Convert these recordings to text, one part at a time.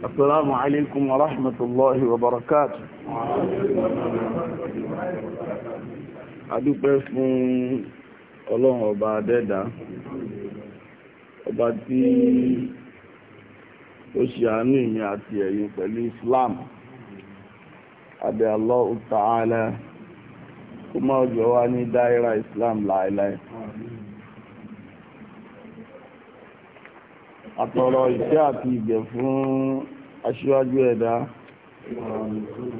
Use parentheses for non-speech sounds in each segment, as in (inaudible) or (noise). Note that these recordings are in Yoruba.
السلام عليكم ورحمة الله وبركاته adúpẹ́ fún ọlọ́run ọba adẹ́dà ọba tí ó ṣe àánú ìmì àti ẹ̀yin pẹ̀lú Islam abẹ́ Allah ta'ala kó má jọ wá ní dáírà Islam láìláì àtọ̀rọ̀ ìṣẹ́ àti ìgẹ̀ fún aṣíwájú ẹ̀dá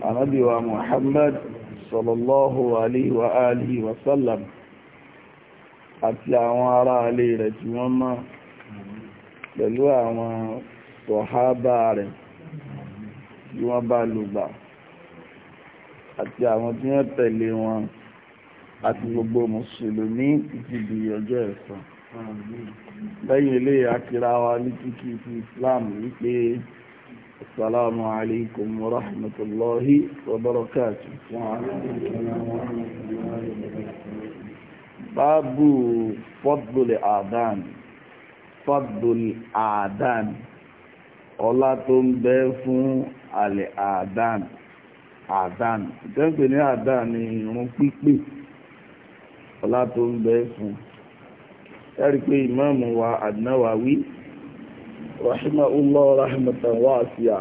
anábíwa Muhammad sallallahu alaihi wa alihi wa sallam àti àwọn ará alé rẹ̀ tí wọ́n mọ́ pẹ̀lú àwọn sọ̀hábà rẹ̀ tí wọ́n bá lùgbà àti àwọn tí wọ́n tẹ̀lé wọn àti gbogbo mùsùlùmí ti di ọjọ́ ẹ̀san lẹ́yìn ilé akira wa ní kíkí ti islam wípé assalamu alaikum wa rahmatullahi wa barakatuh báàbù fadlul àdán fadlul àdán ọlá tó ń bẹ fún àlè àdán àdán ìtẹ́ǹpẹ̀ ní àdán ni ìrun ọlá tó ń bẹ fún ẹ̀rí pé ìmáàmù wa An-Nawawi rahimahullah rahmatan wasi'a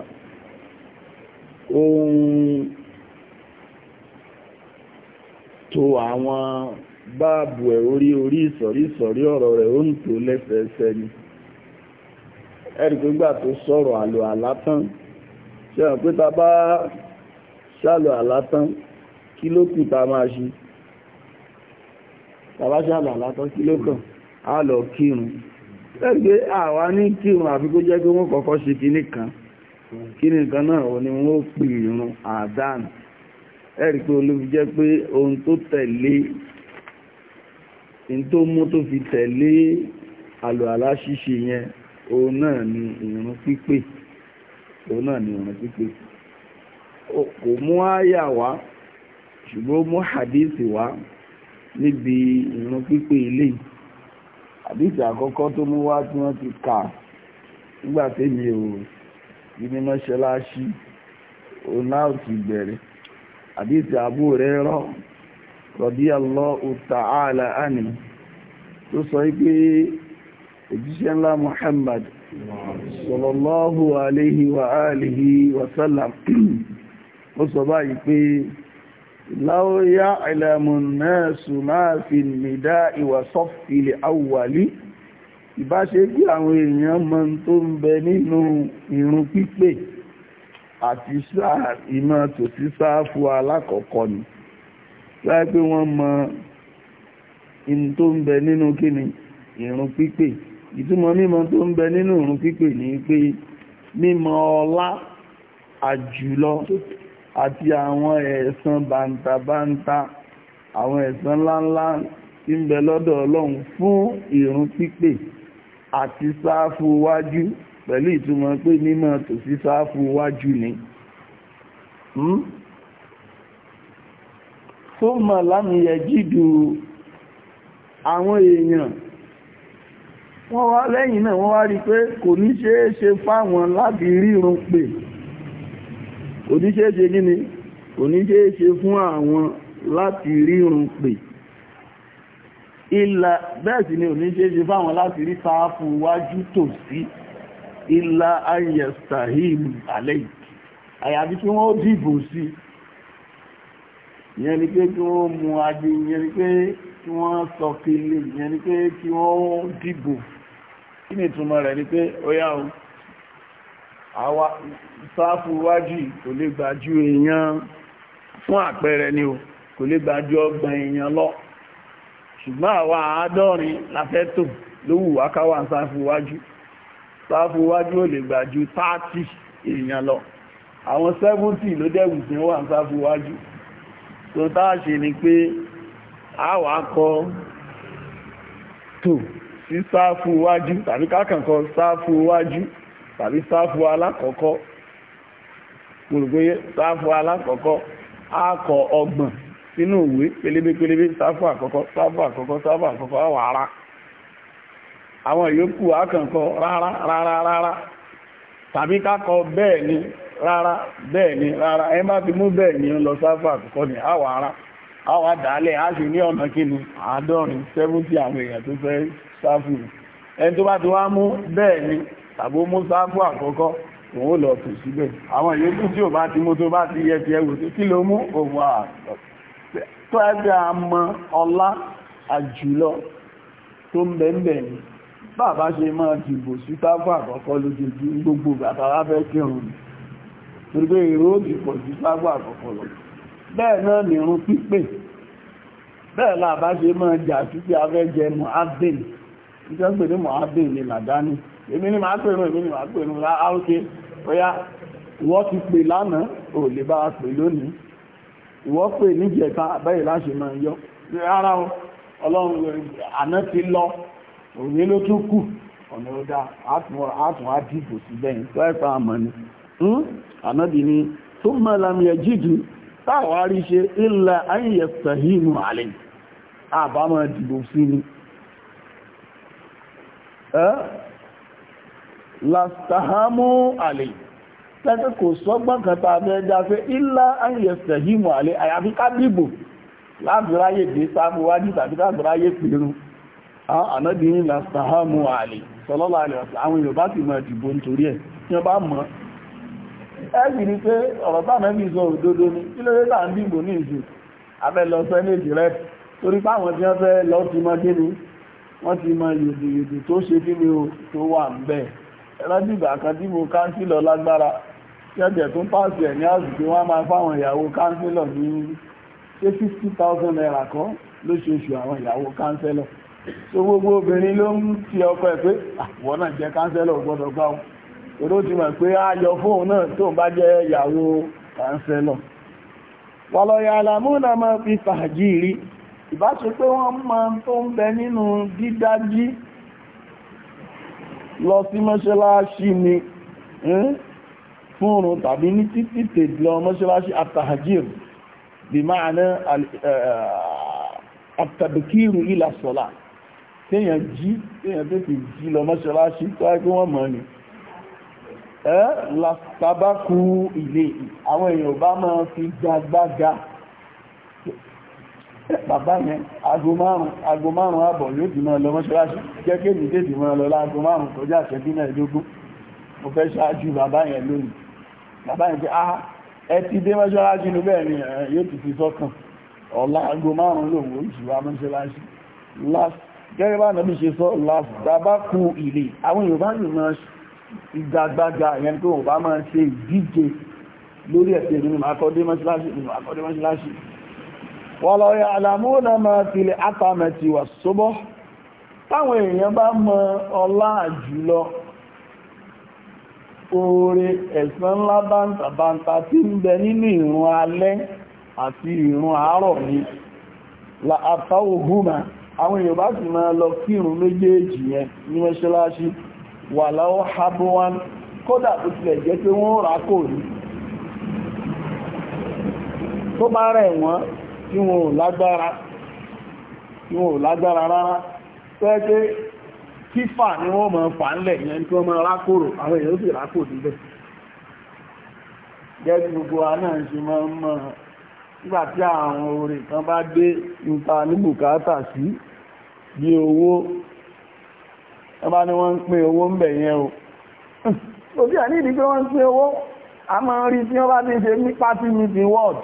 ohun tó àwọn báàbù ẹ̀ orí orí ìsọ̀rí ìsọ̀rí ọ̀rọ̀ rẹ̀ ó ń tó lẹ́sẹẹsẹ ni ẹ̀rí pé gbà tó sọ̀rọ̀ àlò àlátán ṣe hàn pé ta bá ṣàlò àlátán kí ló kù ta máa ṣe ta ṣàlò àlátán kí ló kàn a lọ kírun àwa ní kírun àfi jẹ́ kọ́kọ́ kan kan náà wọ́n ni wọ́n pè ìrun àdán ẹ̀rí pé jẹ́ pé ohun tó tẹ̀lé ohun tó mú tó fi tẹ̀lé ṣíṣe yẹn òun náà ni irun pípé o náà ni irun pípé kò mú àyà wá ṣùgbọ́n mú wá níbi pípé àdìsí àkọ́kọ́ tó mú wá tí wọ́n ti kà nígbà tèmi ò rí ní mọ́ṣáláṣí òun náà ti bẹ̀rẹ̀ àdìsí Abu Huraira radiyallahu tó sọ pé ńlá Muhammad sallallahu alayhi wa alihi ó sọ báyìí pé لو يعلم الناس ما في النداء وصف الأول ìbá ṣe kí àwọn èèyàn mọ̀ tó ń bẹ nínú irun pípè àti sáà ìmọ̀ tò sí sáàfù alákọ̀ọ́kọ́ ni láì pé wọ́n mọ̀ in tó ń bẹ nínú kíni irun pípè ìtumọ̀ mímọ̀ tó ń bẹ nínú irun pípè ni pé mímọ̀ ọlá àjùlọ àti àwọn ẹ̀san bàǹtàbàǹtà àwọn ẹ̀san ńláńlá tí ń bẹ lọ́dọ̀ ọlọ́run fún ìrun pípè àti sáfù wájú pẹ̀lú ìtumọ̀ pé mímọ́ tòsí sáfù wájú ni fúnmọ̀ lámìyẹ jídù àwọn èèyàn wọ́n wá lẹ́yìn náà wọ́n wá rí pé kò ní ṣeé ṣe fáwọn láti rírun pè oníṣẹ́ṣe gíní oníṣẹ́ṣe fún àwọn láti rírun pè ìlà bẹ́ẹ̀ sì ni oníṣẹ́ṣe fáwọn láti rí sáàfù wájú tòsí ìlà ayẹ̀sàhìm àlẹ́ àyàfi tí wọ́n dìbò sí ìyẹn ni pé kí wọ́n mú adé ìyẹn ni pé kí wọ́n sọ kí ilé ìyẹn ni pé kí wọ́n dìbò kí ni ìtumọ̀ rẹ̀ ni pé ó yá o àwa sáfù wájú kò lè gbà ju èèyàn fún àpẹẹrẹ ni o kò lè gbà ju ọgbọ̀n èèyàn lọ ṣùgbọ́n àwa àádọ́rin la fẹ́ tò lówù wákàwà sáfù wájú sáfù wájú ò lè gbà ju 30 èèyàn lọ àwọn 70 ló dẹ̀wù sí wà sáfù wájú tó táà ṣe ni pé a kọ tò sí sáfù wájú tàbí kákànkọ sáfù wájú tàbí sáfù alákọ̀ọ́kọ́ gbogbo sáfù alákọ̀ọ́kọ́ á kọ ọgbọ̀n sínú ìwé pélébé pélébé sáfù àkọ́kọ́ sáfù àkọ́kọ́ sáfù àkọ́kọ́ àwọ̀ ara àwọn ìyókù akànkọ rárá rárá rárá tàbí kákọ bẹ́ẹ̀ ni rárá bẹ́ẹ̀ ni rárá ẹ má fi mú bẹ́ẹ̀ ni lọ sáfù àkọ́kọ́ ni àwọ̀ ara àwọ̀ àdálẹ̀ á sì ní ọ̀nà kíni àádọ́rin 70 àwọn èèyàn tó fẹ́ sáfù ẹni tó bá ti wá mú bẹ́ẹ̀ ni tàbí mọ́sáfù àkọ́kọ́ òun lọ tò síbẹ̀ àwọn ìyókù tí ò bá ti mú tó bá ti yẹ ti ẹwù tí ló mú òun àtọ̀ tó ẹgbẹ́ àmọ́ ọlá àjùlọ tó ń bẹ̀ẹ̀bẹ̀ ni bàbá ṣe máa dìbò sí sáfù àkọ́kọ́ lójoojú gbogbo bàtàrà fẹ́ kírun torí pé èrò òdì pọ̀ sí sáfù àkọ́kọ́ lọ bẹ́ẹ̀ náà nìrun pípè bẹ́ẹ̀ làbá ṣe máa jà sí pé afẹ́ jẹ mọ́ ìjọ́gbẹ̀ ní mọ́ abdin làdání èmi ni màá pèrún èmi ni màá pèrún rá áókè bóyá ti pè lánàá ò lè bá pè lónìí ìwọ pè níjẹta bẹ́ẹ̀ láṣẹ máa yọ rárá o ọlọ́run àná ti lọ òye ló tún kù ọ̀nà ọ̀dá àtún àdìbò sí bẹ́yìn tó ẹ̀pá àmọ́ ni ànábì ni tó mọ́ lámìyà jíjù táwárí ṣe ilẹ̀ ayẹyẹ àbámọ́ dìbò lastahamu àlè tẹ́kẹ́ kò sọ́gbọ́n kan tàà bẹ́ ẹja pé ilá ayẹ̀sẹ̀hímù àlè àyàfi ká dìbò láti ráyè dé sáàmù wájú tàbí láti ráyè pèrú ànádìí lastahamu àlè sọlọ́lá àlè ọ̀sán àwọn Yorùbá ti mọ̀ ìdìbò nítorí ẹ̀ tí wọ́n bá mọ̀ ẹ́sì ni pé ọ̀rọ̀ táwọn ẹbí sọ òdodo ni kí ló dé tà ń dìbò ní ìsìn abẹ́ lọ sẹ́nẹ̀tì rẹ̀ torí páwọn tí wọ́n fẹ́ ti mọ kí ni tó ṣe kí ni o tó wà ń bẹ́ẹ̀ ẹlọ́dì ìgbà kan tí mo káńsílọ̀ lágbára yẹ́jẹ̀ tún pàṣẹ ẹ̀ ní àsìkò wọ́n máa fáwọn ìyàwó káńsílọ̀ ní ṣé fifty thousand naira kan lóṣooṣù àwọn ìyàwó káńsílọ̀ so gbogbo obìnrin ló ń ti ọkọ ẹ̀ pé àwọn náà jẹ́ káńsílọ̀ gbọ́dọ̀ gbá wọn èrò ti mọ̀ pé a yọ fóun náà tó bá jẹ́ ìyàwó káńsílọ̀ wàlọ̀yà àlàmúnà máa fi fàájì rí ìbáṣepé wọ́n máa tó ń bẹ nínú dídájí lọ sí mọ́ṣáláṣí ni fúnrun tàbí ní títí tèdè lọ mọ́ṣáláṣí àtàhàjìr bí máa ná àtàbíkírù ìlà sọ́lá téèyàn jí téèyàn tètè jí lọ mọ́ṣáláṣí tó á pé wọ́n mọ̀ ni ẹ́ làtàbákú bàbá yẹn aago márùn-ún aago márùn-ún àbọ̀ yóò dì máa lọ mọ́ṣáláṣí jẹ́ kéèmì tètè máa lọ láago márùn-ún kọjá àṣẹ́bí náà ìdógún mo fẹ́ ṣáájú bàbá yẹn lónìí bàbá yẹn pé ah ẹ ti dé mọ́ṣáláṣí nu bẹ́ẹ̀ ni yóò ti fi sọ́kàn ọ̀la aago márùn-ún lòun ó jù wá mọ́ṣáláṣí last gẹ́gẹ́ bá nàbí ṣe sọ last bàbá kú ilé àwọn Yorùbá yìí máa ìgbàgbàgbà yẹn tó wọ́n bá máa ṣe ìdíje lórí ẹ̀sẹ̀ ìdúnnù àkọ́dé mọ́ṣáláṣì wọ́lọ́ ya'lamuna ma fil atamati was subh táwọn èèyàn bá mọ ọlá jùlọ oore ẹ̀san ńlá tí ń bẹ nínú ìrun alẹ́ àti ìrun àárọ̀ ni la àtàwò húnmà àwọn èèyàn bá sì máa lọ kírun méjèèjì yẹn ní mọ́ṣáláṣí wà láwọ́ habuwan kódà tó tilẹ̀ jẹ́ pé wọ́n rà kò rí tó bá rẹ̀ wọ́n tí wọn lágbára rárá pẹ́ẹ́kẹ́ fífà ni wọ́n mọ̀ fà ńlẹ̀ yẹn tí wọ́n mọ̀ rákòrò àwọn èèyàn sì rákò níbẹ̀ gẹ́gẹ́ gbogbo wa náà ń ṣe máa ń mọ̀ àwọn orí kan bá dé níta ní bùkátà sí bí owó wọ́n bá ní wọ́n ń pín owó ń bẹ̀ yẹn o òbí àní ìdí pé wọ́n ń pín owó a máa ń rí tí wọ́n bá ti ṣe ní pátí meeting world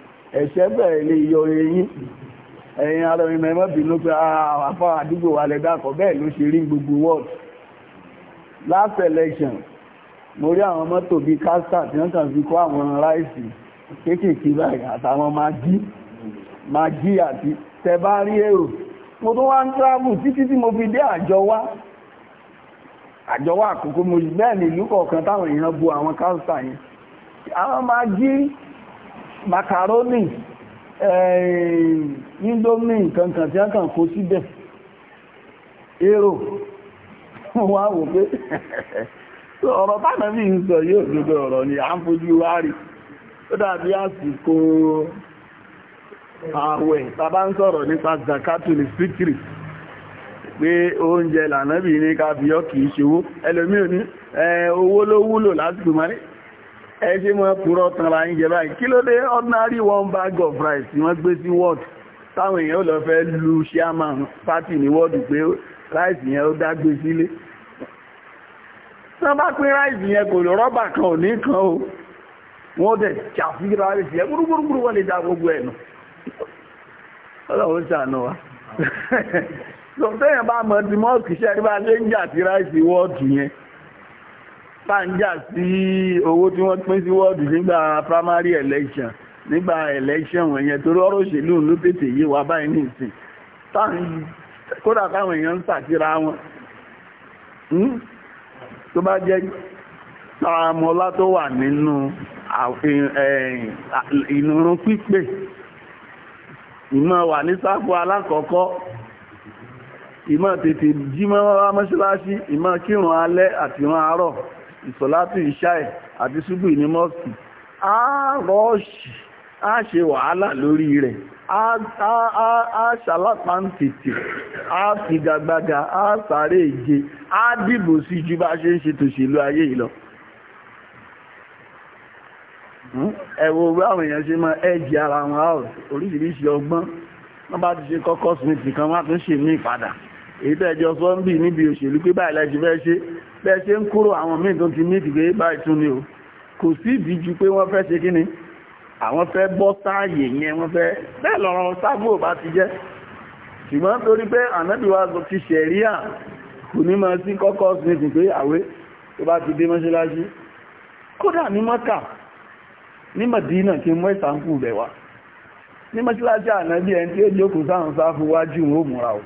ẹ̀ṣẹ̀ bẹ̀rẹ̀ lè yọ eyín ẹ̀yìn ara mi mẹ́mọ́ bínú pé ah, àdúgbò ló ṣe rí gbogbo world last election mo rí àwọn mọ́tò bíi castor tí wọ́n kàn fi kó àwọn ráìsì kéékèèké báyìí àtàwọn magi magi àti tẹ̀bá rí èrò mo mo fi dé àjọ wá àjọ wá àkókò mo bu àwọn yẹn àwọn macaroni eh, indomie nǹkankan tí a kàn kó síbẹ̀ èrò wọ́n wò pé (laughs) ọ̀rọ̀ tánà bí sọ yóò gbogbo ọ̀rọ̀ ni a ń fojú wá ó dàbí àsìkò ààwẹ̀ tàbá ń sọ̀rọ̀ nípa zakatuli pé oúnjẹ ní kàbíyọ́ kìí ṣe owó ẹlòmí e mọ́ púrọ́ tanra yín jẹ báyìí kí ló dé ordinary one bag of rice wọ́n gbé sí wọ́ọ̀dù táwọn èèyàn lọ fẹ́ lu chairman party ní wọ́ọ̀dù pé rice yẹn ó dágbé sílé tán bá pín rice yẹn kò lọ rọ́bà kan ò ní kan o wọ́n dẹ̀ ṣàfi rice yẹn gbúrúgbúrú wọ́n lè dá gbogbo ẹ̀ nù ọlọ́run ṣàánú wa (laughs) bá mọ̀ bá ń jà sí rice yẹn pàǹjà sí owó tí wọ́n pín sí wọ́ọ̀dù nígbà primary election nígbà election wọ̀nyẹn torí ọ̀rọ̀ òṣèlú ló tètè yé wa báyìí ní ìsìn kódà táwọn èèyàn ń sàtìra wọn hmm? tó bá jẹ́ tààmọ́lá tó wà nínú ìnurun pípé ìmọ̀ wà ní sáfù alákọ̀ọ́kọ́ ìmọ̀ tètè jímọ́ wá mọ́ṣáláṣí ìmọ̀ kírun alẹ́ àti ìran àárọ̀ ìsọ̀látù ìṣáì àti ṣubú ní mọ́ọ̀sì á rọ́ọ̀ṣì á ṣe wàhálà lórí rẹ̀ á ṣàlápá ń tètè á figagbága á sáré èje á dìbò sí ju bá ṣe ń ṣe tòṣèlú ayé yìí lọ hmm? ẹ̀wọ̀ owó àwọn èèyàn ṣe máa ẹ̀jì ara wọn áwọ̀ oríṣiríṣi ọgbọ́n wọ́n bá ti ṣe kọ́kọ́ smith kan wá tún ṣe ní ìpadà èyí tẹ́jọ sọ́ńbì níbi òṣèlú pé báyìí lẹ́jì fẹ́ ṣe bẹ́ẹ̀ ṣe ń kúrò àwọn míì tó ti mítì pé báyìí tún ni o kò sí ìdíjú pé wọ́n fẹ́ ṣe kí ni àwọn fẹ́ bọ́ sáàyè yẹn wọ́n fẹ́ bẹ́ẹ̀ lọ́rọ̀ sáàbò bá ti jẹ́ ṣùgbọ́n torí pé ànábìwá ti ṣẹ̀ríà kò ní máa sí kọ́kọ́ sí pé àwé tó bá ti dé mọ́ṣáláṣí kódà ní mọ́kà ní mọ̀dínà kí mọ́ ìsànkú rẹ̀ wá ní mọ́ṣáláṣí ànábì ẹni tí ó jókòó sáà ń wájú òun ó múra o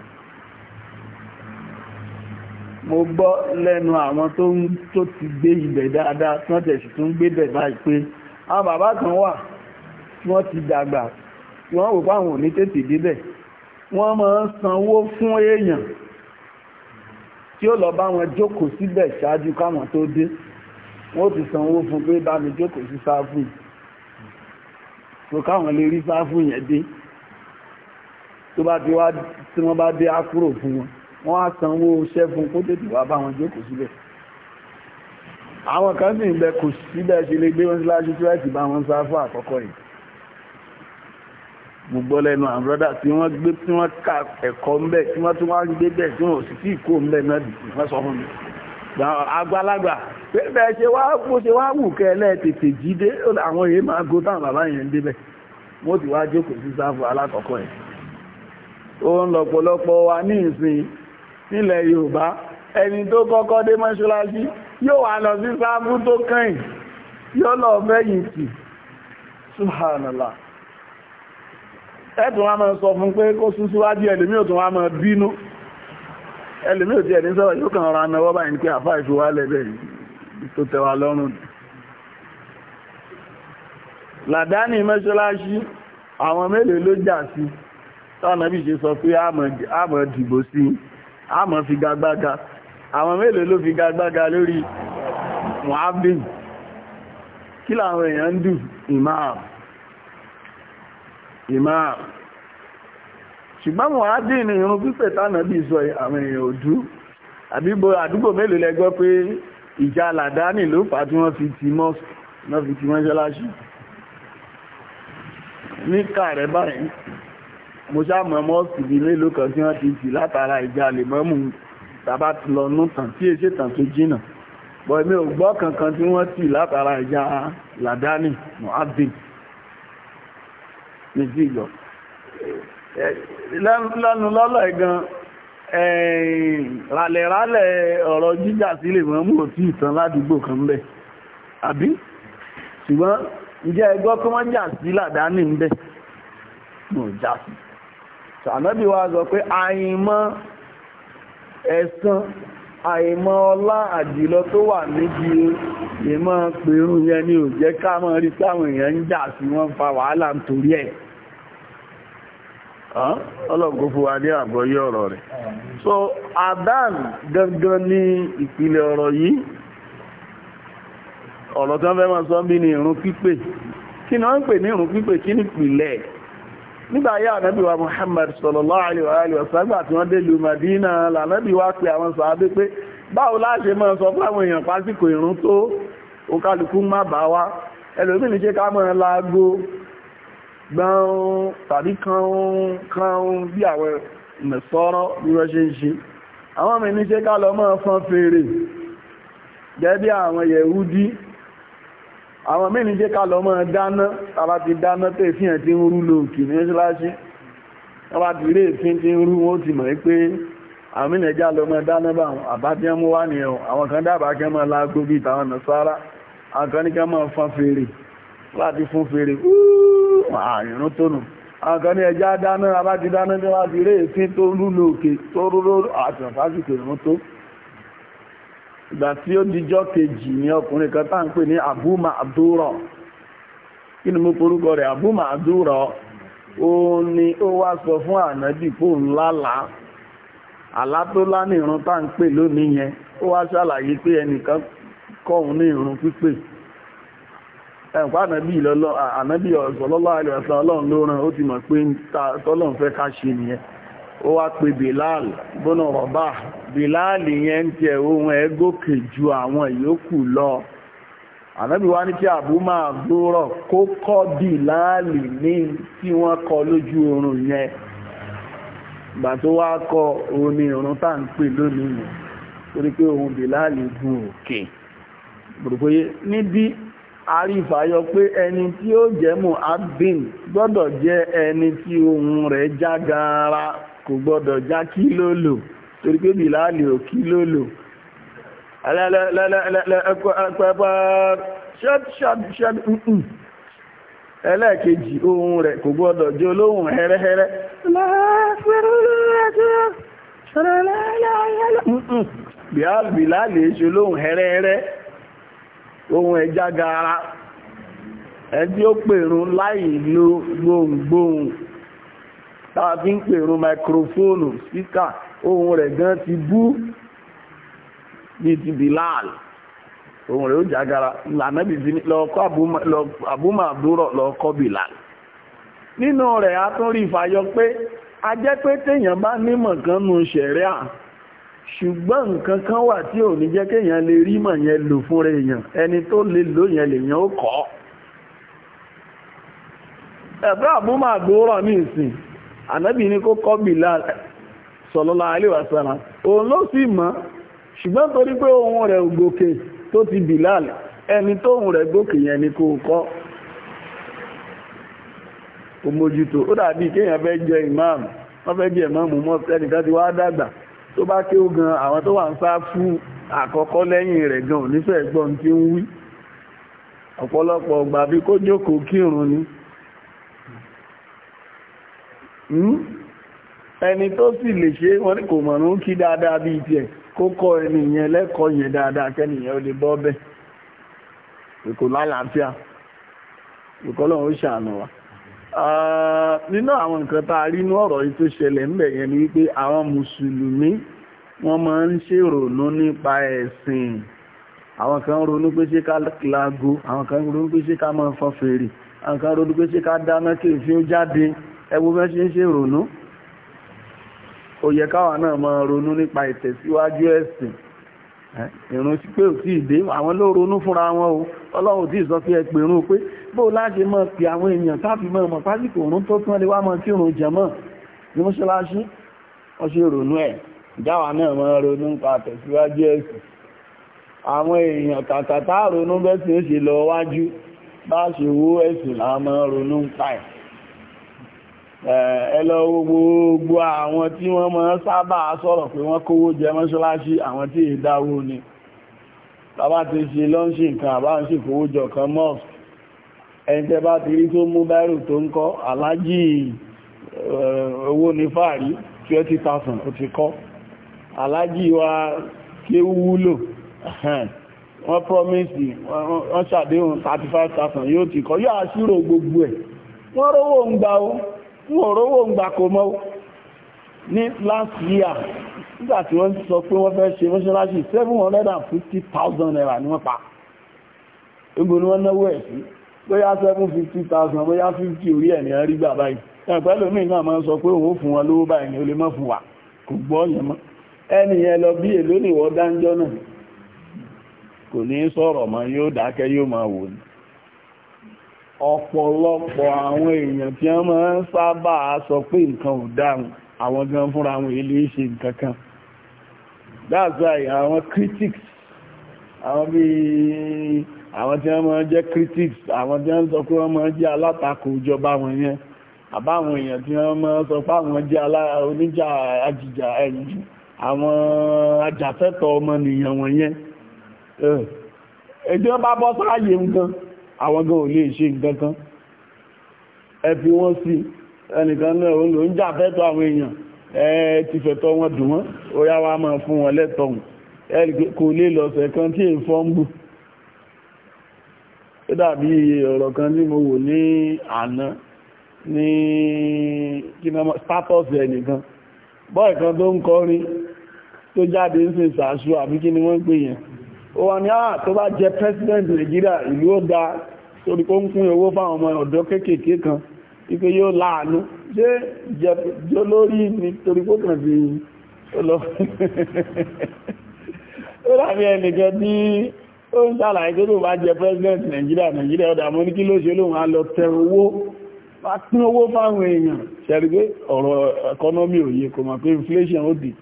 mo gbọ́ lẹ́nu àwọn tó ń tó ti gbé ibẹ̀ dáadáa tí wọ́n tẹ̀sí tó ń gbé bẹ̀ báyìí pé àwọn bàbá kan wà tí wọ́n ti dàgbà tí wọ́n wò páwọn ò ní tètè débẹ̀ wọ́n máa ń sanwó fún èèyàn tí ó lọ bá wọn jókòó síbẹ̀ ṣáájú káwọn tó dé wọ́n ti sanwó fún pé bá mi jókòó sí sáfù yìí tó káwọn lè rí sáfù yẹn dé tó bá ti wá tí wọ́n bá dé á fún wọn wọ́n á sanwó ṣẹ́fún kó tètè wá bá wọn jókòó síbẹ̀ àwọn kan sì ń bẹ kò síbẹ̀ ṣe lè gbé wọn sí láṣí tíwẹ́ẹ̀tì bá wọn sá fún àkọ́kọ́ yìí gbogbo lẹ́nu àwọn brọ́dà tí wọ́n gbé tí wọ́n ka ẹ̀kọ́ ń bẹ̀ tí wọ́n tún wá ń gbé bẹ̀ tí wọ́n sì tí ìkó ń bẹ̀ náà wọ́n sọ fún mi àgbàlagbà pé bẹ́ẹ̀ ṣe wá bó ṣe wá wù kẹ́ lẹ́ẹ̀tètè jíde àwọn èèyàn máa go táwọn bàbá yẹn ń débẹ̀ wọ́n ti wá jókòó sí sáfù alákọ̀ọ́kọ́ yẹn ó ń lọ́pọ̀lọpọ̀ wa ní ìsìn nílẹ̀ Yorùbá ẹni tó kọ́kọ́ dé mọ́ṣáláṣí yóò wà lọ sí sáàbù tó kẹ́yìn yóò lọ fẹ̀yìntì subhanallah ẹ̀tùn wa máa sọ fún pé kó sún síwájú ẹlòmí òtún wa máa bínú ẹlòmí òtí ẹ̀ní sọ̀rọ̀ yóò kàn ra náwọ́ báyìí pé àfáà ìfowálẹ̀ bẹ́ẹ̀ tó tẹ́wa lọ́rùn làdáni mọ́ṣáláṣí àwọn mélòó ló jà sí tọ́nà bí ṣe sọ pé àmọ̀ dìbò sí i àmọ́ fi gagbága àwọn mélòó ló fi gagbága lórí muhabbin kí làwọn èèyàn ń dù imam imam ṣùgbọ́n muhabbin ni irun pípẹ̀ tánà bí sọ àwọn èèyàn òdú àbíbo àdúgbò mélòó lẹ́gbọ́ pé ìjà àlàdání ló fà tí wọ́n fi ti mọ́ṣáláṣí ní kààrẹ báyìí mo ṣàmọ̀ mọ́ọ̀sì bíi mélòó kan tí wọ́n ti sì látara ìjà lè mọ́mù tàbá ti lọ nú tàn tí èsè tàn tó jìnà bọ̀ èmi ò gbọ́ kankan tí wọ́n sì látara ìjà làdáni muhammed ní sí ìjọ lẹ́nu lọ́lọ́ ìgan ràlẹ̀ràlẹ̀ ọ̀rọ̀ jíjà sí lè mọ́mù ò tí ìtàn ládùúgbò kan bẹ̀ àbí ṣùgbọ́n ìjẹ́ ẹgbọ́ kí wọ́n jà sí làdáni ń bẹ̀ wọ́n jà sí sànábì wa sọ pé àìmọ̀ ẹ̀san àìmọ̀ ọlá àjùlọ tó wà níbi ìmọ̀ pẹ̀rún yẹn ni ò jẹ́ ká mọ́ rí sáwọn èèyàn ń jà sí wọ́n fa wàhálà nítorí ẹ̀ ọlọ́gbọ́n fún wa ní àgbọ́yé ọ̀rọ̀ rẹ̀ so adan gangan ní ìpìlẹ̀ ọ̀rọ̀ yìí ọ̀rọ̀ tí wọ́n fẹ́ máa sọ bí ní ìrun pípè kí ni wọ́n ń pè ní ìrun pípè kí ni ìpìlẹ̀ nígbà ayé ànábì wa Muhammad sallallahu alaihi wa sallam tí wọ́n dé lu Madina lànábì wa pé àwọn sàábé pé báwo láṣe máa sọ fáwọn èèyàn pásíkò ìrún tó òkàlùkù má bá wá ẹlòmí ní ṣe ká mọ́ láago gbọ́n tàbí kan bí àwọn mẹ̀sọ́rọ̀ bí wọ́n ṣe ń ṣe àwọn mi ní ṣe ká lọ mọ́ fọn fèrè gẹ́bí àwọn Yẹ̀húdí àwọn mí ní jẹ́ ká lọ mọ́ dáná tàbá ti dáná tẹ́ fi hàn tí ń rú lò kì ní ṣíláṣí tàbá ti rí èéfín tí ń rú wọ́n ti mọ̀ pé àwọn mí ní ẹjá lọ mọ́ dáná bá àwọn àbá tí wọ́n wá ní ẹ̀wọ̀n àwọn kan dábàá kẹ́ mọ́ láago bíi tàwọn nàṣárá àwọn kẹ́ mọ́ fọn fèrè ìgbà tí ó dijọ́ kejì ní ọkùnrin kan tá ń pè ní abúmà àdúrọ̀ kí ni mo porúkọ rẹ̀ abúmà àdúrọ̀ ó ní ó wá sọ fún ànábì pò ńláńlá àlá tó lá ní ìrun tá ń pè lónìí yẹn ó wá pé ẹnìkan ní pípè ẹ̀kọ́ ànábì ó wá pe Bilal bọ́nà rọ̀bá Bilal yẹn ń tẹ ohun ẹ̀ gòkè ju àwọn ìyókù lọ ànábì wá ní kí àbú máa gbúrọ̀ kó kọ́ Bilal ní tí wọ́n kọ lójú oorun yẹn ìgbà tó wá kọ òun ni ìrun tá à ń pè lónìí yẹn torí pé ohun Bilal gun òkè gbòdògbòye níbí àrífàyọ pé ẹni tí ó jẹ́ mọ̀ abin gbọ́dọ̀ jẹ́ ẹni tí ohun rẹ̀ já gaara kò gbọ́dọ̀ já kí ló lò torí pé bìláàlì ò kí ló lò ẹlẹ́ẹ̀kejì ohun rẹ̀ kò gbọ́dọ̀ jẹ́ olóhùn hẹ́rẹ́hẹ́rẹ́ bìláàlì èṣe olóhùn hẹ́rẹ́hẹ́rẹ́ ohun ẹja gara ẹni tí ó pèrún láì lo gbohùngbohùn tàbí ń pèrún microphone speaker ohun rẹ̀ gan ti bú bí ti Bilal ohun rẹ̀ ó jágara lànàbì fi lọ́kọ́ àbúmàdúrọ̀ lọ́kọ́ Bilal nínú rẹ̀ a tún rí ìfàyọ pé a jẹ́ pé téèyàn bá nímọ̀ kan nu ṣẹ̀ríà ṣùgbọ́n nǹkan kan wà tí ò ní jẹ́ kéèyàn lè rí mọ̀ yẹn lò fúnra èèyàn ẹni tó lè lò yẹn lèèyàn ó kọ́ ẹ̀bẹ́ àbúmàdúrọ̀ ní ìsìn ànábì ní kó kọ́ Bilal sallallahu alaihi wasallam òun ló sì mọ̀ ṣùgbọ́n torí pé ohun rẹ̀ gòkè tó ti Bilal ẹni tóhun rẹ̀ gòkè yẹn ni kó kọ́ ó mójútó ó dàbí kéèyàn fẹ́ jẹ ìmáàmù wọ́n fẹ́ jẹ ìmáàmù mọ́ ẹnìkan ti wá dàgbà tó bá kéwú gan àwọn tó wà ń sá fún àkọ́kọ́ lẹ́yìn rẹ̀ gan ò nífẹ̀ẹ́ gbọ́n tí ń wí ọ̀pọ̀lọpọ̀ gbàbí kó jókòó kírun ni Hmm? ẹni tó sì lè ṣe wọ́n ní kò mọ̀rún kí dáadáa bí tiẹ̀ kó kọ́ ẹni ìyẹn lẹ́kọ̀ọ́ yẹn dáadáa kẹ́nìyàn ó lè bọ́ lálàáfíà ìkọ́lọ̀ ó ṣàánú wa nínú àwọn nǹkan inú ọ̀rọ̀ yìí tó ṣẹlẹ̀ ńbẹ̀ yẹn ni mùsùlùmí wọ́n máa ń nípa ẹ̀sìn àwọn kan ronú pé ṣé ká lago àwọn kan ronú pé ṣé ká máa fèrè àwọn kan ronú pé ṣé ká dáná kí èéfín ẹwú mẹ́ṣe ń ṣe ronú ó yẹ káwa náà máa ronú nípa ìtẹ̀síwájú ẹ̀sìn ìrun sí pé ò tí ìdé àwọn ló ronú fúnra wọn o ọlọ́run tí ìsọ pé ẹ pè rún pé bó láti mọ̀ pé àwọn èèyàn táàfi mọ̀ mọ̀ pásìkò òrùn tó tán lè wá mọ̀ kí òrùn jẹ̀mọ́ ní mọ́ṣáláṣí wọ́n ṣe ronú ẹ̀ ìjáwà náà mọ́ ronú pa tẹ̀síwájú ẹ̀sìn àwọn èèyàn kàkàtà ronú bẹ́sìn ó ṣe lọ wájú bá ṣe wó ẹ̀sìn làá mọ́ ronú pa ẹ̀ ẹlọ gbogbo àwọn tí wọ́n máa sábà sọ̀rọ̀ pé wọ́n kówó jẹ mọ́ṣáláṣí àwọn tí ìdáwó ni bàbá ti ṣe lọ́nṣì nǹkan àbá ń ṣe kówó jọ kan mosque ẹ̀ǹtẹ́ bá ti rí tó mú bẹ́rù tó ń kọ́ alájì eh, owó ní fàárí 20,000 ó ti kọ́ alájì wa kí wúlò wọ́n promise wọ́n ṣàdéhùn 35,000 yóò ti kọ́ yóò àṣírò gbogbo ẹ̀ wọ́n rówó ń gbà ó fún òrówó ìgbà kò mọ́ ní last year nígbà tí wọ́n sọ pé wọ́n fẹ́ ṣe mọ́ṣáláṣí 750,000 naira ni wọ́n pa egbò ni wọ́n náwó ẹ̀ sí bóyá 750,000 bóyá 50 orí ẹ̀ ní ẹ̀rí gbà báyìí ẹ̀pẹ́lò míì náà máa ń sọ pé òun fún wọn lówó báyìí ni ó lè mọ́ fún wa kò gbọ́ yẹn mọ́ ẹni yẹn lọ bí èlò nìwọ́ dánjọ́ ọ̀pọ̀lọpọ̀ àwọn èèyàn tí wọ́n máa ń sábà sọ pé nǹkan ò dáhùn àwọn gan fúnra àwọn ilé ṣe nǹkan kan that's why àwọn critics àwọn bí àwọn tí wọ́n máa jẹ́ critics àwọn tí wọ́n sọ pé wọ́n máa jẹ́ alátakò ìjọba wọn yẹn àbáwọn èèyàn tí wọ́n máa sọ pé àwọn jẹ́ oníjà ajìjà ẹ̀yìn àwọn ajàfẹ́tọ̀ ọmọnìyàn wọn yẹn ẹjọ́ bá bọ́ sáàyè nǹkan àwọn gan ò lè ṣe nǹkankan ẹ fi wọ́n sí ẹnìkan náà ó lò ń jà fẹ́tọ̀ àwọn èèyàn ẹ ti fẹ̀tọ́ wọn dùn wọ́n ó yá wa máa fún wọn lẹ́tọ̀hún ẹ kò lè lọ́sẹ̀ kan tí èè fọ́n bù ó dàbí ọ̀rọ̀ kan tí mo wò ní àná ní status ẹnìkan bọ́ọ̀ kan tó ń kọrin tó jáde ń sìn sàásù àbí ni wọ́n ń pè yẹn ó wà ní àà ah, tó bá jẹ president Nigeria ìlú ó dá torí kó ń pín owó fáwọn ọmọ ọ̀dọ́ kéékèèké kan wípé yóò láàánú ṣé jẹ́ lórí nítorí kó kàn sí ọlọ́ ó dàbí ẹnìkan ní ó ń sàlàyé tó tó bá jẹ president Nigeria Nigeria ọ̀dà mọ́ ní kí ló ṣe lóhun á lọ tẹ owó bá pín owó fáwọn èèyàn ṣẹ̀rí pé ọ̀rọ̀ economy òye kò mọ̀ pé inflation ó dìí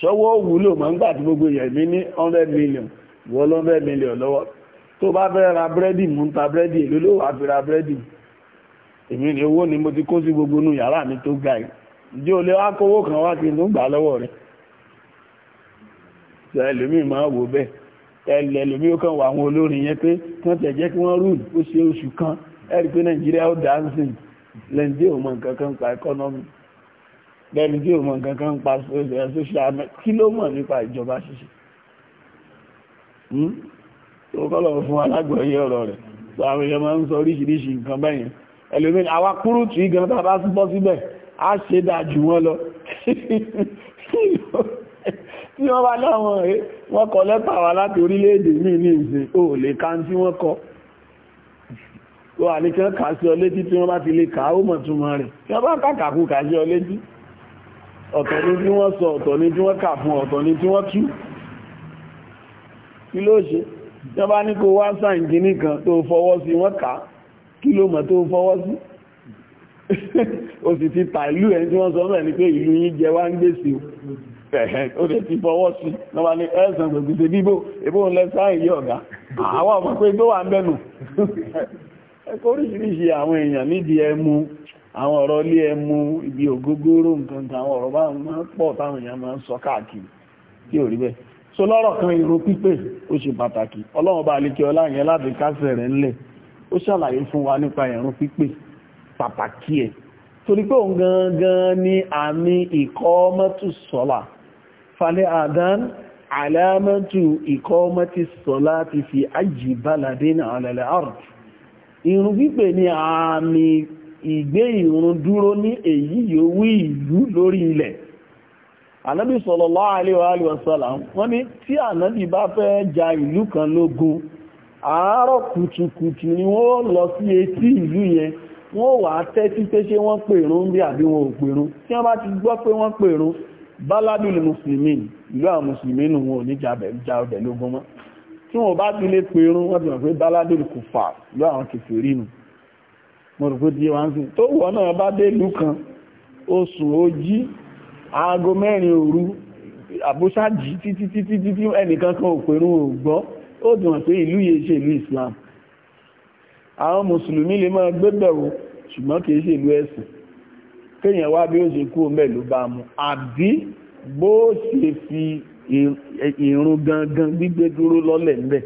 ṣọwọ́ wúlò mọ́ ń gbà tí gbogbo èèyàn mi ní 100 million wọ́n 100 million lọ́wọ́ tó bá fẹ́ ra búrẹ́dì mú ta búrẹ́dì èlò ló wà fi ra búrẹ́dì èmi ni owó ni mo ti kó sí gbogbo inú yàrá mi tó ga yìí o lè wá kówó kan wá kí n tó gbà lọ́wọ́ rẹ̀ ṣe ẹlòmíì máa wò bẹ́ẹ̀ ẹlẹ̀ ẹlòmíì ó kàn wà àwọn olórin yẹn pé wọ́n tẹ̀ jẹ́ kí wọ́n rúùn ó ṣe oṣù kan ẹ̀rí pé nàìjíríà ó dáńsìn lẹ́ǹdé òmò nǹkan kan pa ẹkọ́nọ́mì lẹ́ni tí ò mọ̀ nǹkan kan pa social media kí ló mọ̀ nípa ìjọba ṣíṣe tó hmm? kọ́lọ̀ fún alágbọ̀ọ́yé ọ̀rọ̀ rẹ̀ tó àwọn èèyàn máa ń sọ oríṣiríṣi nǹkan bẹ́yẹn ẹlòmíì àwa kúrú tù gan a bá bọ́ síbẹ̀ á ṣe dáa jù wọ́n lọ tí wọ́n bá láwọn ẹ̀ wọ́n kọ lẹ́tà wá láti orílẹ̀-èdè míì ní ìsìn ò lè ka tí wọ́n kọ tó àníkẹ́ kà sí ọ tí wọ́n bá ti lè kà á ó mọ̀ rẹ̀ tí wọ́n bá kàkà kà sí ọ ọ̀tọ̀ ní tí wọ́n sọ ọ̀tọ̀ ní tí wọ́n kà fún ọ̀tọ̀ ní tí wọ́n tú kí ló ṣe tí wọ́n bá ní kó wá sáìn kì níkan tó fọwọ́ sí wọ́n kà kí ló mọ̀ tó fọwọ́ sí (laughs) o sì ti ta ìlú ẹni tí wọ́n sọ mẹ́ ní pé ìlú yín jẹ wá ń gbèsè o lè ti fọwọ́ sí wọ́n ní ẹ̀sán gbèsè bíbò ebó ń lẹ sáìn yí ọ̀gá àwọn ọmọ pé tó ń bẹ̀nu (laughs) ẹ̀kọ́ oríṣiríṣi àwọn èèyàn nídìí ẹmu àwọn ọ̀rọ̀ ilé ẹmu ibi ògógóró nǹkan táwọn ọ̀rọ̀ bá máa pọ̀ táwọn èèyàn máa ń sọ káàkiri tí ò rí bẹ́ẹ̀ so lọ́rọ̀ kan ìrun pípè ó ṣe pàtàkì ọlọ́run bá alékẹ́ ọlá yẹn láti kásẹ̀ rẹ̀ ńlẹ̀ ó ṣàlàyé fún wa nípa ìrun pípè pàtàkì ẹ̀ torí pé òun gangan ni àmì ìkọ́mọ́tù sọ́là falẹ́ àdán àlámọ́tù ti fi ájì báládé náà lẹ́lẹ́ ìgbé ìrun dúró ní èyí yòówù ìlú lórí ilẹ̀ ànábì sallallahu alaihi wa sallam wọ́n ní tí ànábì bá fẹ́ ja ìlú kan lógun àárọ̀ kùtùkùtù ni wọ́n lọ sí etí ìlú yẹn wọ́n wà tẹ́tí pé ṣé wọ́n pèrún bí àbí wọn ò pèrún tí wọ́n bá ti gbọ́ pé wọ́n pèrún báládùn mùsùlùmí ìlú àwọn mùsùlùmí nù wọn ò ní ja ọbẹ̀ lógun mọ́ tí mọ̀rùgbódí wá ń sìn tó wọ́n náà bá dé ìlú kan oṣù ojí aago mẹ́rin òru àbúṣájì títí títí títí ẹnìkan kan òpèrún ògbọ́ ó dùn pé ìlú yìí ṣe ìlú Islam àwọn mùsùlùmí lè máa gbébẹ̀wò ṣùgbọ́n kìí ṣe ìlú ẹ̀sìn kéèyàn wá bí ó ṣe kú ọmọ ìlú bá mu àbí bó ṣe fi ìrun gangan gbígbé dúró lọ́lẹ̀ ńbẹ̀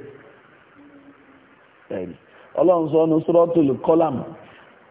ọlọ́run sọ ọ́nà suratul Qalam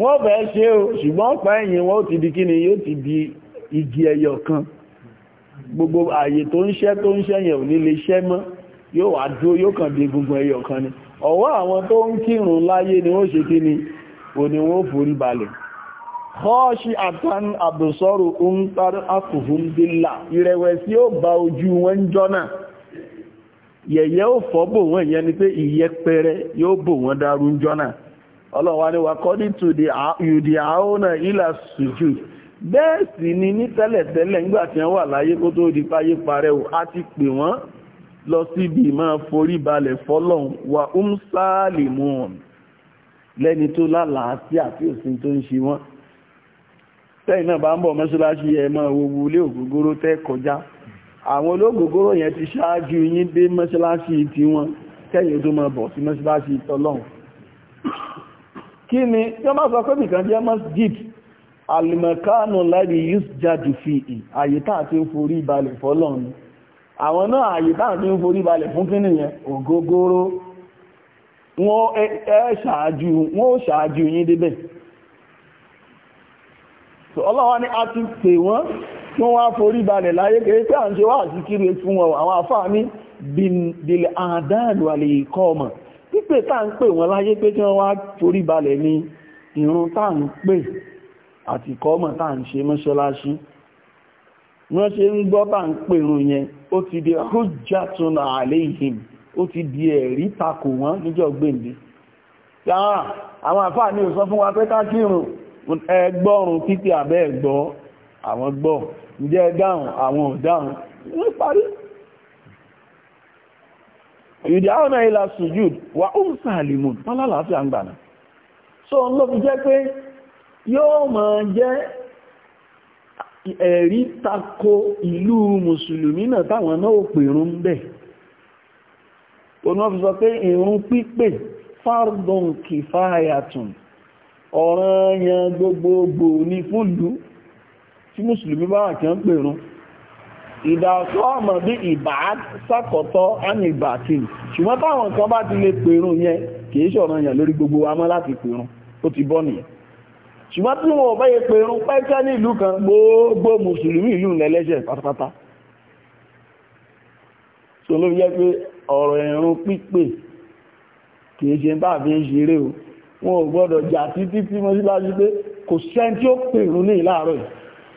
wọ́n fẹ́ ṣe o ṣùgbọ́n ọ̀pá ẹ̀yìn wọn ó ti di kíni yóò ti di igi ẹyọ kan gbogbo ààyè tó ń ṣẹ́ tó ń ṣẹ́ yẹn ò ní lè ṣẹ́ mọ́ yóò wá dúró yóò kàn di egungun ẹyọ kan ni ọ̀wọ́ àwọn tó ń kírun láyé ni wọ́n ṣe kíni ò ní wọ́n forí balẹ̀ kọ́ọ̀ṣì àtàn àbùsọ́rù ń tàrí àkùhùn bílà ìrẹ̀wẹ̀sí ó bá ojú yẹ̀yẹ́ ó fọ́ bò wọ́n ìyẹn ni pé ìyẹpẹrẹ yóò bò wọ́n dárú jọ́nà ọlọ́wà ni wà kọ́dí tù yùdí àwọn ilà sùjù bẹ́ẹ̀ sì ni ní tẹ́lẹ̀tẹ́lẹ̀ nígbà tí wọ́n wà láyé kó tó di páyé parẹ́ o a ti pè wọ́n lọ síbi máa forí balẹ̀ fọ́lọ́hun wà umsali mohan lẹ́ni tó lálàáfíà tí ò sí tó ń ṣe wọ́n tẹ́yìn náà bá ń bọ̀ mọ́ṣáláṣí ẹ máa wo wulé àwọn olóògógóró yẹn ti ṣáájú yín dé mọ́ṣáláṣí tiwọn tẹ́yìn tó máa bọ̀ sí mọ́ṣáláṣí tọ́lọ́hun kí ni tí wọ́n bá sọ pé nìkan jẹ́ masjid alimọ̀kánù láti yusjadu fi ì àyè táà tí ń forí balẹ̀ fọ́lọ́run àwọn náà àyè táà tí ń forí balẹ̀ fún kí nìyẹn ògógóró wọ́n ẹ ṣáájú wọ́n ó ṣáájú yín débẹ̀ so ọlọ́wọ́ ni a ti pè wọ́n tí wọ́n wá forí balẹ̀ láyé kéré pé à ń ṣe wá àti kiri pípè tá ń pè wọn láyé pé tí wọ́n wá forí balẹ̀ ni ìrun tá ń pè àti kọ́mọ̀ tá ń ṣe mọ́ṣáláṣí wọ́n ṣe ń gbọ́ bá ń pè ìrun yẹn ó ti di hujjatun alayhim ó ti di ẹ̀rí takò wọ́n níjọ́ gbèǹde àwọn àfáà ní ìsọ fún wa pé ká kírun ẹgbọ́run títí àbẹ́ ẹ̀gbọ́ àwọn gbọ́ ǹjẹ́ dáhùn àwọn ò dáhùn ní parí ìdáhùn ilá sujud wà ó ń sàálìmùn lálàáfíà ń gbànà so n ló fi jẹ́ pé yóò máa jẹ́ ẹ̀rí tako ìlú mùsùlùmí náà táwọn náà ò pèrún bẹ̀ oná fi sọ pé ìrun pípè fardun kìfáyàtùn ọ̀ranyàn gbogbogbò ní fúnlú tí mùsùlùmí bá wà kí wọ́n pèrún ìdàsọ́ ọmọ bí ìbá sàkọ̀tọ́ ánìbàtìn ṣùgbọ́n táwọn kan bá ti lè pèrún yẹn kìí ṣọ̀rọ̀ yẹn lórí gbogbo wa mọ́ láti pèrún ó ti bọ́ nìyẹn ṣùgbọ́n tí wọn ò bá yẹ pèrún pẹ́kẹ́ ní ìlú kan gbogbo mùsùlùmí ìlú lẹ́lẹ́ṣẹ̀ pátápátá so ló yẹ pé ọ̀rọ̀ ẹ̀rùn pípè kìí ṣe bá fi ń ṣeré o wọn ò gbọ́dọ̀ jà títí tí mo sí lájú pé kò sẹ́ni tí ó pèrún ní ìlàárọ̀ yìí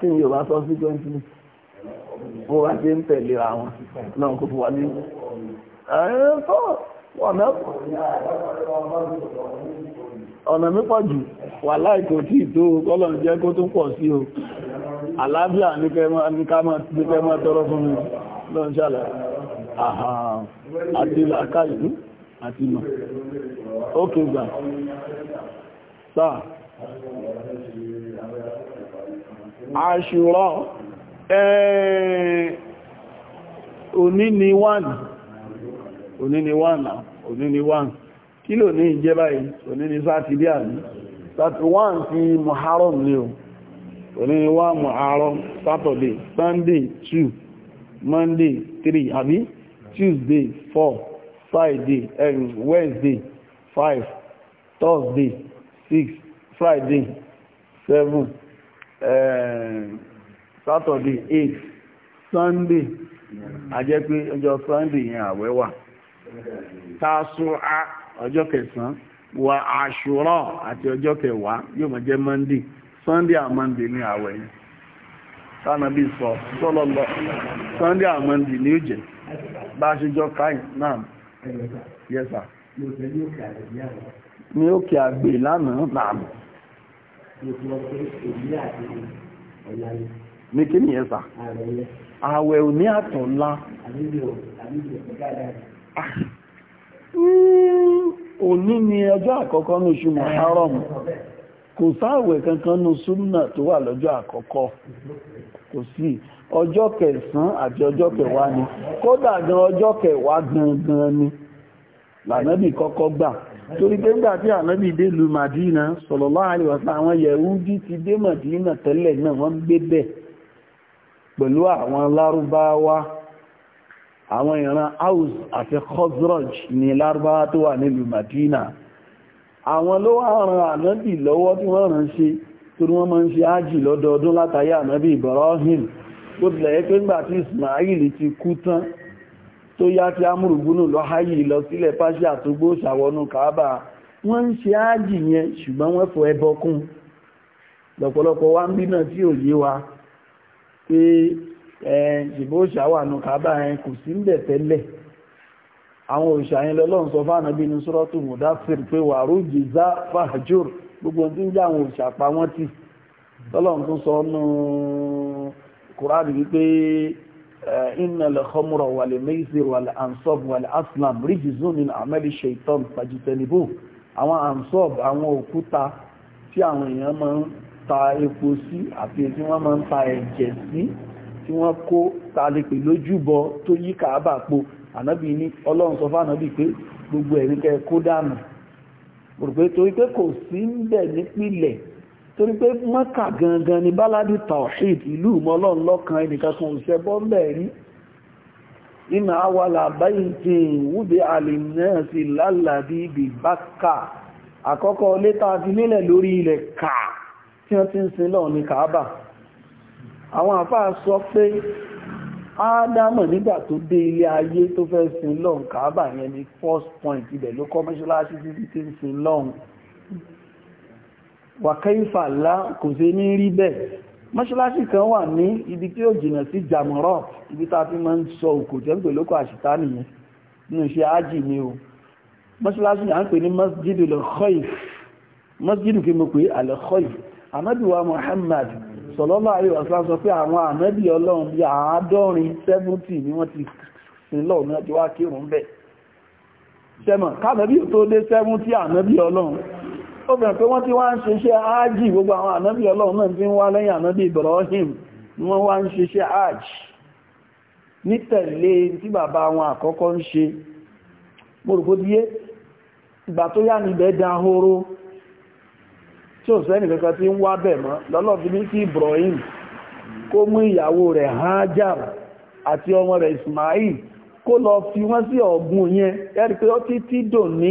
tí mi ò sọ sí twenty mo bá ṣe ń tẹ̀lé àwọn náà kò fún ní ọ̀nà mi jù wà láìkò tí kọ́lọ̀ jẹ́ kó tún pọ̀ sí o àlàáfíà ní kẹ́mọ́ tọrọ fún mi lọ́n ṣàlẹ̀ àti làkàlù àti mọ̀ ókè gbà sáà àṣùrọ̀ eh, òní ni wàn òní ni wàn náà ni wàn kí ló ní ìjẹ́ báyìí òní ni sátidé àní sátidé wàn ti Muharram ni o òní ni wàn Saturday Sunday 2 Monday 3 àbí Tuesday 4 Friday and eh, Wednesday 5 Thursday 6 Friday 7 Eh, Saturday eight Sunday ajẹ́ pé ọjọ́ Sunday yẹn àwẹ̀ wà Tásúà ọjọ́ kẹsàn-án wà Àṣúrà àti ọjọ́ kẹwàá yóò máa jẹ́ Monday Sunday and Monday ní àwẹ̀ yẹn sánàbí sọ sọ́lọ́lọ́ Sunday and Monday ní ó jẹ́ bá ṣe jọ káyìn náà yes sir ni ó kí àgbè lánàá náà ní kí ni àwẹ̀ ò ní àtọ̀ ńlá ah. hmm, òní ni ọjọ́ àkọ́kọ́ ní oṣù Muharram kò kankan ní súnnà tó wà lọ́jọ́ àkọ́kọ́ kò sí ọjọ́ kẹsàn àti ọjọ́ kẹwàá ni kódà gan ọjọ́ kẹwàá gangan ni kọ́kọ́ gbà torí pé ńgbà tí ànábì dé lu Madina sallallahu alaihi wasallam àwọn Yẹhudi ti dé Madina tẹ́lẹ̀ náà wọ́n gbé bẹ̀ pẹ̀lú àwọn lárúbáwá àwọn ìran Aus àti Khazraj ní lárúbáwá tó wà nílùú Madina àwọn ló wá ran ànábì lọ́wọ́ tí wọ́n rán ṣe torí wọ́n máa ń ṣe ájì lọ́dọọdún látàrí ànábì Ibrahim ó tilẹ̀ yẹ pé ńgbà tí Ismail ti kú tán tó yá tí amúrùgbónù lọ háyì lọ sílẹ̀ pàṣẹ àtógbó ṣàwọnú kàábà wọ́n ń ṣe áàjì yẹn ṣùgbọ́n wọ́n fọ ẹbọ kún lọ́pọ̀lọpọ̀ wá ń bí náà tí ò yé wa pé ṣìbó ṣàwọnú kàábà yẹn kò sí ń bẹ̀ tẹ́lẹ̀ àwọn òṣà yẹn lọ́lọ́run bí wípé Eh, innal khamra wal maisir wal ansab wal aslam rijzun min amali shaitan fajitanibu àwọn ansab àwọn òkúta tí àwọn èèyàn máa ń ta epo sí àti tí wọ́n máa ń ta ẹ̀jẹ̀ sí tí wọ́n kó tàlepè lójúbọ tó yí kàábà po ànábì ní ọlọ́run sọ fánàbì pé gbogbo ẹ̀rí kó dànù rò pé torí pé kò sí ń bẹ̀ nípìnlẹ̀ torí pé mọ́kà gangan ni báládì tawhid ìlú mọ́lọ́n lọ́kan ẹnìkankan òṣẹ́ bọ́m̀bẹ̀ rí iná awàlà báyìí wúdé àlìmẹ́ẹ̀sì lálàdí ibi bákà àkọ́kọ́ létà ti nílẹ̀ lórí ilẹ̀ kà tí wọ́n ti ń sin lọ́ọ̀ ní kàábà àwọn àfáà sọ pé ádámọ̀ nígbà tó dé ilé ayé tó fẹ́ sin lọ́ọ̀ kàábà yẹn ni first point ibẹ̀ ló kọ́ mọ́ṣáláṣí títí ti ń sin lọ́ọ̀ wàkẹ́yìfà lá kò ṣe ní rí bẹ́ẹ̀ mọ́ṣáláṣí kan wà ní ibi tí ó jìnà sí jàmọ́rọ̀ ibi tá a fi máa ń sọ òkò jẹ́ pẹ̀lú àṣìta nìyẹn nínú iṣẹ́ ájì ni o mọ́ṣáláṣí masjidu al-Khayf masjidu Muhammad sallallahu alaihi wasallam sọ pé àwọn ànábì ọlọ́run bí àádọ́rin 70 ni wọ́n ti sin lọ́ọ̀ náà ti wá tó dé 70 ànábì ọlọ́run ó bẹ̀rẹ̀ pé wọ́n ti wá ń ṣiṣẹ́ ájì gbogbo àwọn ànábì ọlọ́run náà ti ń wá lẹ́yìn ànábì Ibrahim ni wọ́n wá ń ṣiṣẹ́ ájì nítẹ̀lé tí bàbá wọn àkọ́kọ́ ń ṣe mọ́rùkódíyé ìgbà tó yá níbẹ̀ dahoro tí ò sẹ́nì kankan tí ń wá bẹ̀ mọ́ lọ́lọ́bí ní kí Ibrahim kó mú ìyàwó rẹ̀ Hajar àti ọmọ rẹ̀ Ismail kó lọ fi wọ́n sí ọ̀gbun yẹn ẹ́rì pé ó títí dòní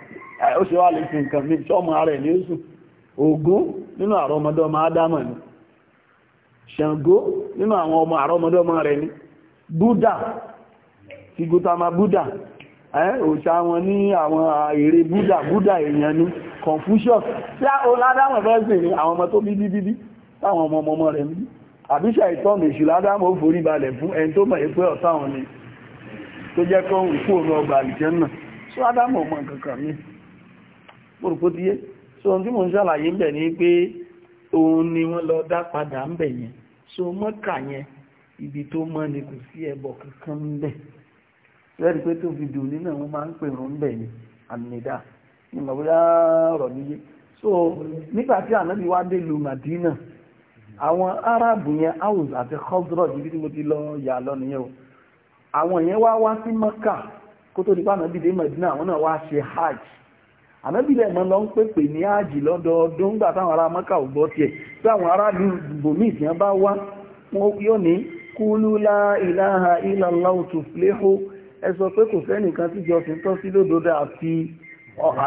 ó ṣe wá lè fi nǹkan mi ṣọ́mọ ara ẹ̀ ní oṣù Ògún nínú àrọ ọmọdé ọmọ Ádámọ̀ ni Ṣàngó nínú àwọn ọmọ àrọ ọmọdé ọmọ rẹ̀ ni Buddha ti Gautama Buddha òṣà wọn ní àwọn èrè Buddha Buddha èèyàn ni Confucius tí ó ládámọ̀ fẹ́ sì ní àwọn ọmọ tó bí bíbí táwọn ọmọ ọmọ rẹ̀ ní àbíṣà ìtọ́nù èṣù ládámọ̀ ó forí balẹ̀ fún ẹni tó mọ̀ pé ọ̀táwọn ni tó jẹ́ kọ́ òkú òun ọgbà àlìjẹ́ náà ṣọ́ ọmọ kankan mi mọ̀rùkú ti yé so ohun tí mo ń ṣàlàyé ń bẹ̀ ni pé òun ni wọ́n lọ dá padà ń bẹ̀ yẹn so mọ́kà yẹn ibi tó mọ́ ni kò sí ẹbọ kankan ń bẹ̀ lẹ́rìí pé tó fi dùn nínú àwọn máa ń pè rún ń bẹ̀ ni àmìnidá ni mo bóyá ọ̀rọ̀ mi yé so nígbà tí ànábì wá dé lu Madina àwọn Arábù yẹn Aws àti Khazraj níbi tí mo ti lọ yà lọ nìyẹn o àwọn yẹn wá wá sí mọ́kà kó tó di pé ànábì dé Madina àwọn náà wá ṣe hajj ànábìlẹ̀ mọ́ lọ ń pèpè ní áàjì lọ́dọọdún gbà táwọn ará mọ́kà ò gbọ́ tiẹ̀ tí àwọn ará ní ibòmí ìsìn bá wá wọn yóò ní kúlú lá ìlàhà illallah tuflihu pé kò sẹ́nìkan tí jọsìn tọ́ sí lódodo àti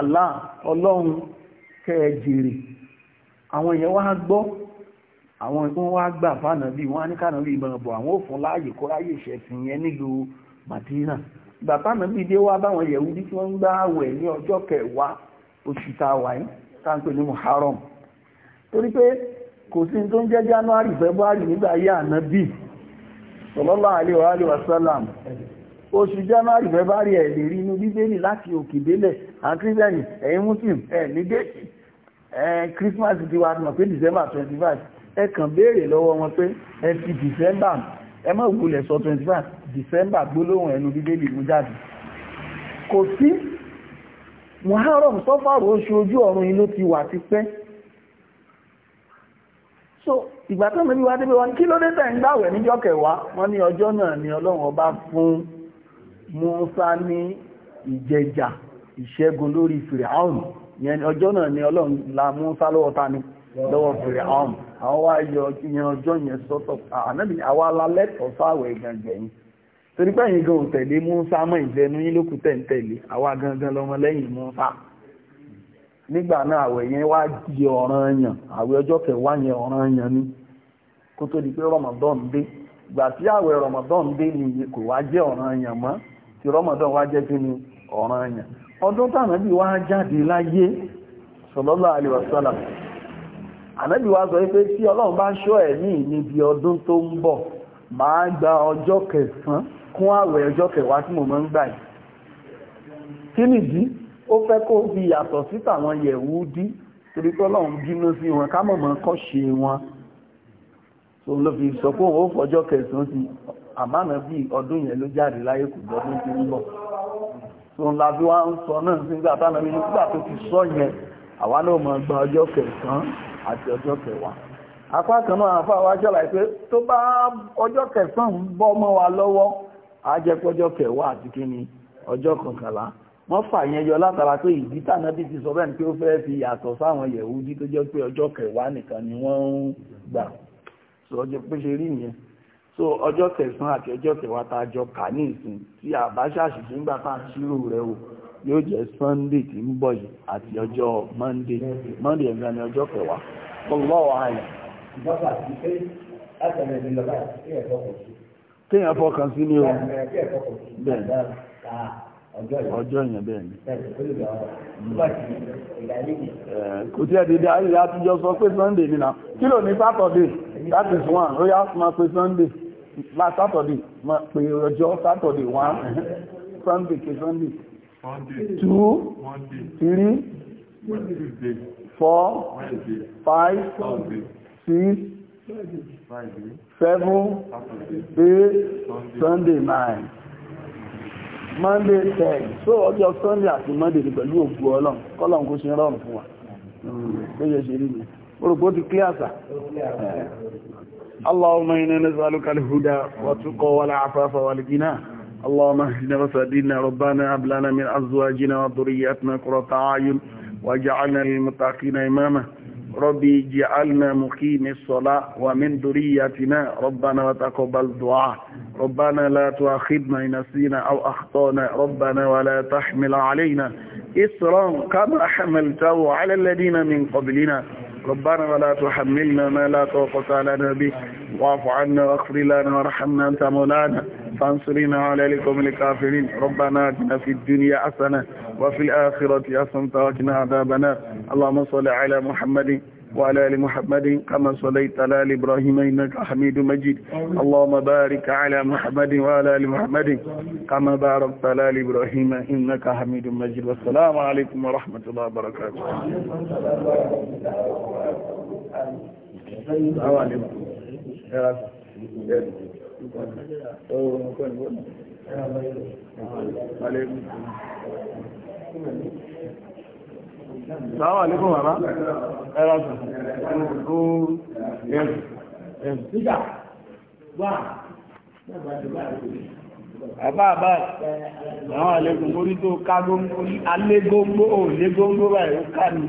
Allah ọlọ́run kẹ́ẹ̀jèrè àwọn èèyàn wá gbọ́ àwọn ìpín wá gbà fánàbí wọn á ní kánàbí ìmọ̀ ọ̀bọ̀ àwọn òfin láàyè kó ráyè ìṣẹ̀sìn yẹn nílùú Madina bàbá ànábì dé wá báwọn yẹ̀wúdí tí wọ́n ń gbá àwẹ̀ ní ọjọ́ kẹwàá oṣù tá a wà yìí tá à ń pè ní muharram torí pé kò sí tó ń jẹ́ january february nígbà ayé ànábì sallallahu alaihi wa sallam oṣù january february ẹ̀ lè rí inú bíbélì láti òkè délẹ̀ àwọn kírísítẹ́nì ẹ̀yin muslim ẹ̀ ní déètì ẹ̀ christmas ti wá mọ̀ pé december twenty five ẹ kàn béèrè lọ́wọ́ wọn pé ẹ fi december ẹ má wulẹ̀ sọ 25 December gbólóhùn ẹnu bíbélì mú jáde kò sí Muharram sọ́fàrò oṣù ojú ọ̀run inú ti wà ti pẹ́ so ìgbà tó mẹ́bí wá débé wọn kí ló dé tẹ̀ ń gbàwẹ̀ níjọ́ kẹwàá wọ́n ní ọjọ́ náà ni Ọlọ́run ọba fún Musa ní ìjẹjà ìṣẹ́gun lórí Fìràáùn yẹn ọjọ́ náà ni Ọlọ́run la Musa lọ́wọ́ ta ni lọ́wọ́ fèrè ọ̀hún àwọn wá yọ ìyẹn ọjọ́ yẹn sọ́tọ̀ ànábì awa alálẹ́tọ̀ sáwẹ̀ gangan torí pé gan tẹ̀lé Mùsá mọ́ ìjẹnu yín lókù tẹ̀ǹtẹ̀lé àwa gangan lọmọ lẹ́yìn Mùsá nígbà náà àwẹ̀ yẹn wá di ọ̀ranyàn àwẹ̀ ọjọ́ kẹwàá yẹn ọ̀ranyàn ni kó tó di pé Ramadan dé ìgbà tí àwẹ̀ Ramadan dé ni kò wá jẹ́ ọ̀ranyàn mọ́ tí Ramadan wá jẹ́ kí ni ọdún wá jáde láyé ànábì wa sọ pé tí ọlọ́run bá ṣọ́ ẹ̀mí níbi ọdún tó ń bọ̀ màá gba ọjọ́ kẹsàn-án kún àwẹ̀ ọjọ́ kẹwàá tí mo máa ń gbà yìí kí nìdí ó fẹ́ kó fi yàtọ̀ sí tàwọn yẹ̀wúdí torí pé ọlọ́run bínú sí wọn ká mọ̀mọ́ kọ́ ṣe wọn so ló fi sọ pé òun ó fọjọ́ kẹsàn-án sí àmánà bí ọdún yẹn ló jáde láyé kù lọ́dún tí ń bọ̀ so ńlá bí wọ́n ń sọ náà sí nígbà táwọn ẹni tó ti sọ yẹn àwa náà mọ̀ gba ọjọ́ kẹsàn àti ọjọ́ kẹwàá apá kan náà àfà wá ṣàlàyé tó bá ọjọ́ kẹsàn bọ bọ́ mọ́ wa lọ́wọ́ á jẹ́ kẹwàá àti kíni ọjọ́ kọkànlá wọ́n fà yẹn yọ látara pé ìdí tànà bí ti sọ bẹ́ẹ̀ ni pé ó fẹ́ fi yàtọ̀ sáwọn tó jẹ́ pé ọjọ́ kẹwàá nìkan ni wọ́n ń gbà sọ ọjọ́ pé ṣe rí so ọjọ́ kẹsàn àti ọjọ́ kẹwàá jọ kà ní ìsìn tí àbáṣà ṣìṣẹ́ ńgbà tá a o yóò jẹ́ sunday tí ń bọ̀ yìí àti ọjọ́ monday monday ẹ̀gbẹ́ ni ọjọ́ kẹwàá wallahu a'lam. kéèyàn fọkàn sí ni o bẹ́ẹ̀ ọjọ́ yẹn bẹ́ẹ̀ ni. Mm. Eh, kò tí ẹ dédé ayé àtijọ́ sọ pé sunday nínà kí ló ní saturday that is one ó yá máa pe sunday last saturday máa pe ọjọ́ saturday one (laughs) sunday pe sunday two three four five six seven eight Sunday nine Monday ten so ọjọ́ Sunday àti Monday ni pẹ̀lú ògbò Ọlọ́run kọ́lọ̀n kó ṣe rọrùn fún wa ló yẹ ṣe rí mi orùgbó ti kí àṣà Allahumma inna nas'aluka al-huda wa tuqa wal afafa wal ghina اللهم اهدنا وسددنا ربنا ابلنا من ازواجنا وذرياتنا قرة اعين واجعلنا للمتقين اماما ربي جعلنا مقيم الصلاة ومن ذريتنا ربنا وتقبل دعاء ربنا لا تؤاخذنا إن نسينا أو أخطأنا ربنا ولا تحمل علينا إصرا كما حملته على الذين من قبلنا ربنا ولا تحملنا ما لا طاقة لنا به واعف عنا واغفر لنا وارحمنا أنت مولانا فانصرنا على لكم الكافرين ربنا اتنا في الدنيا حسنة وفي الآخرة حسنة وقنا عذاب النار اللهم صل على محمد وعلى آل محمد كما صليت على آل إبراهيم إنك حميد مجيد اللهم بارك على محمد وعلى آل محمد كما باركت على آل إبراهيم إنك حميد مجيد والسلام عليكم ورحمة الله وبركاته Thank you. Sáwọn àlékún bàbá, ẹ̀rọ sùn, ọ̀rọ̀ ẹ̀rù, Síjà, wà, àbá àbá àwọn àlékún orí tó ká góńgó, alégóńgó, ò légóńgó báyìí ó ká ní.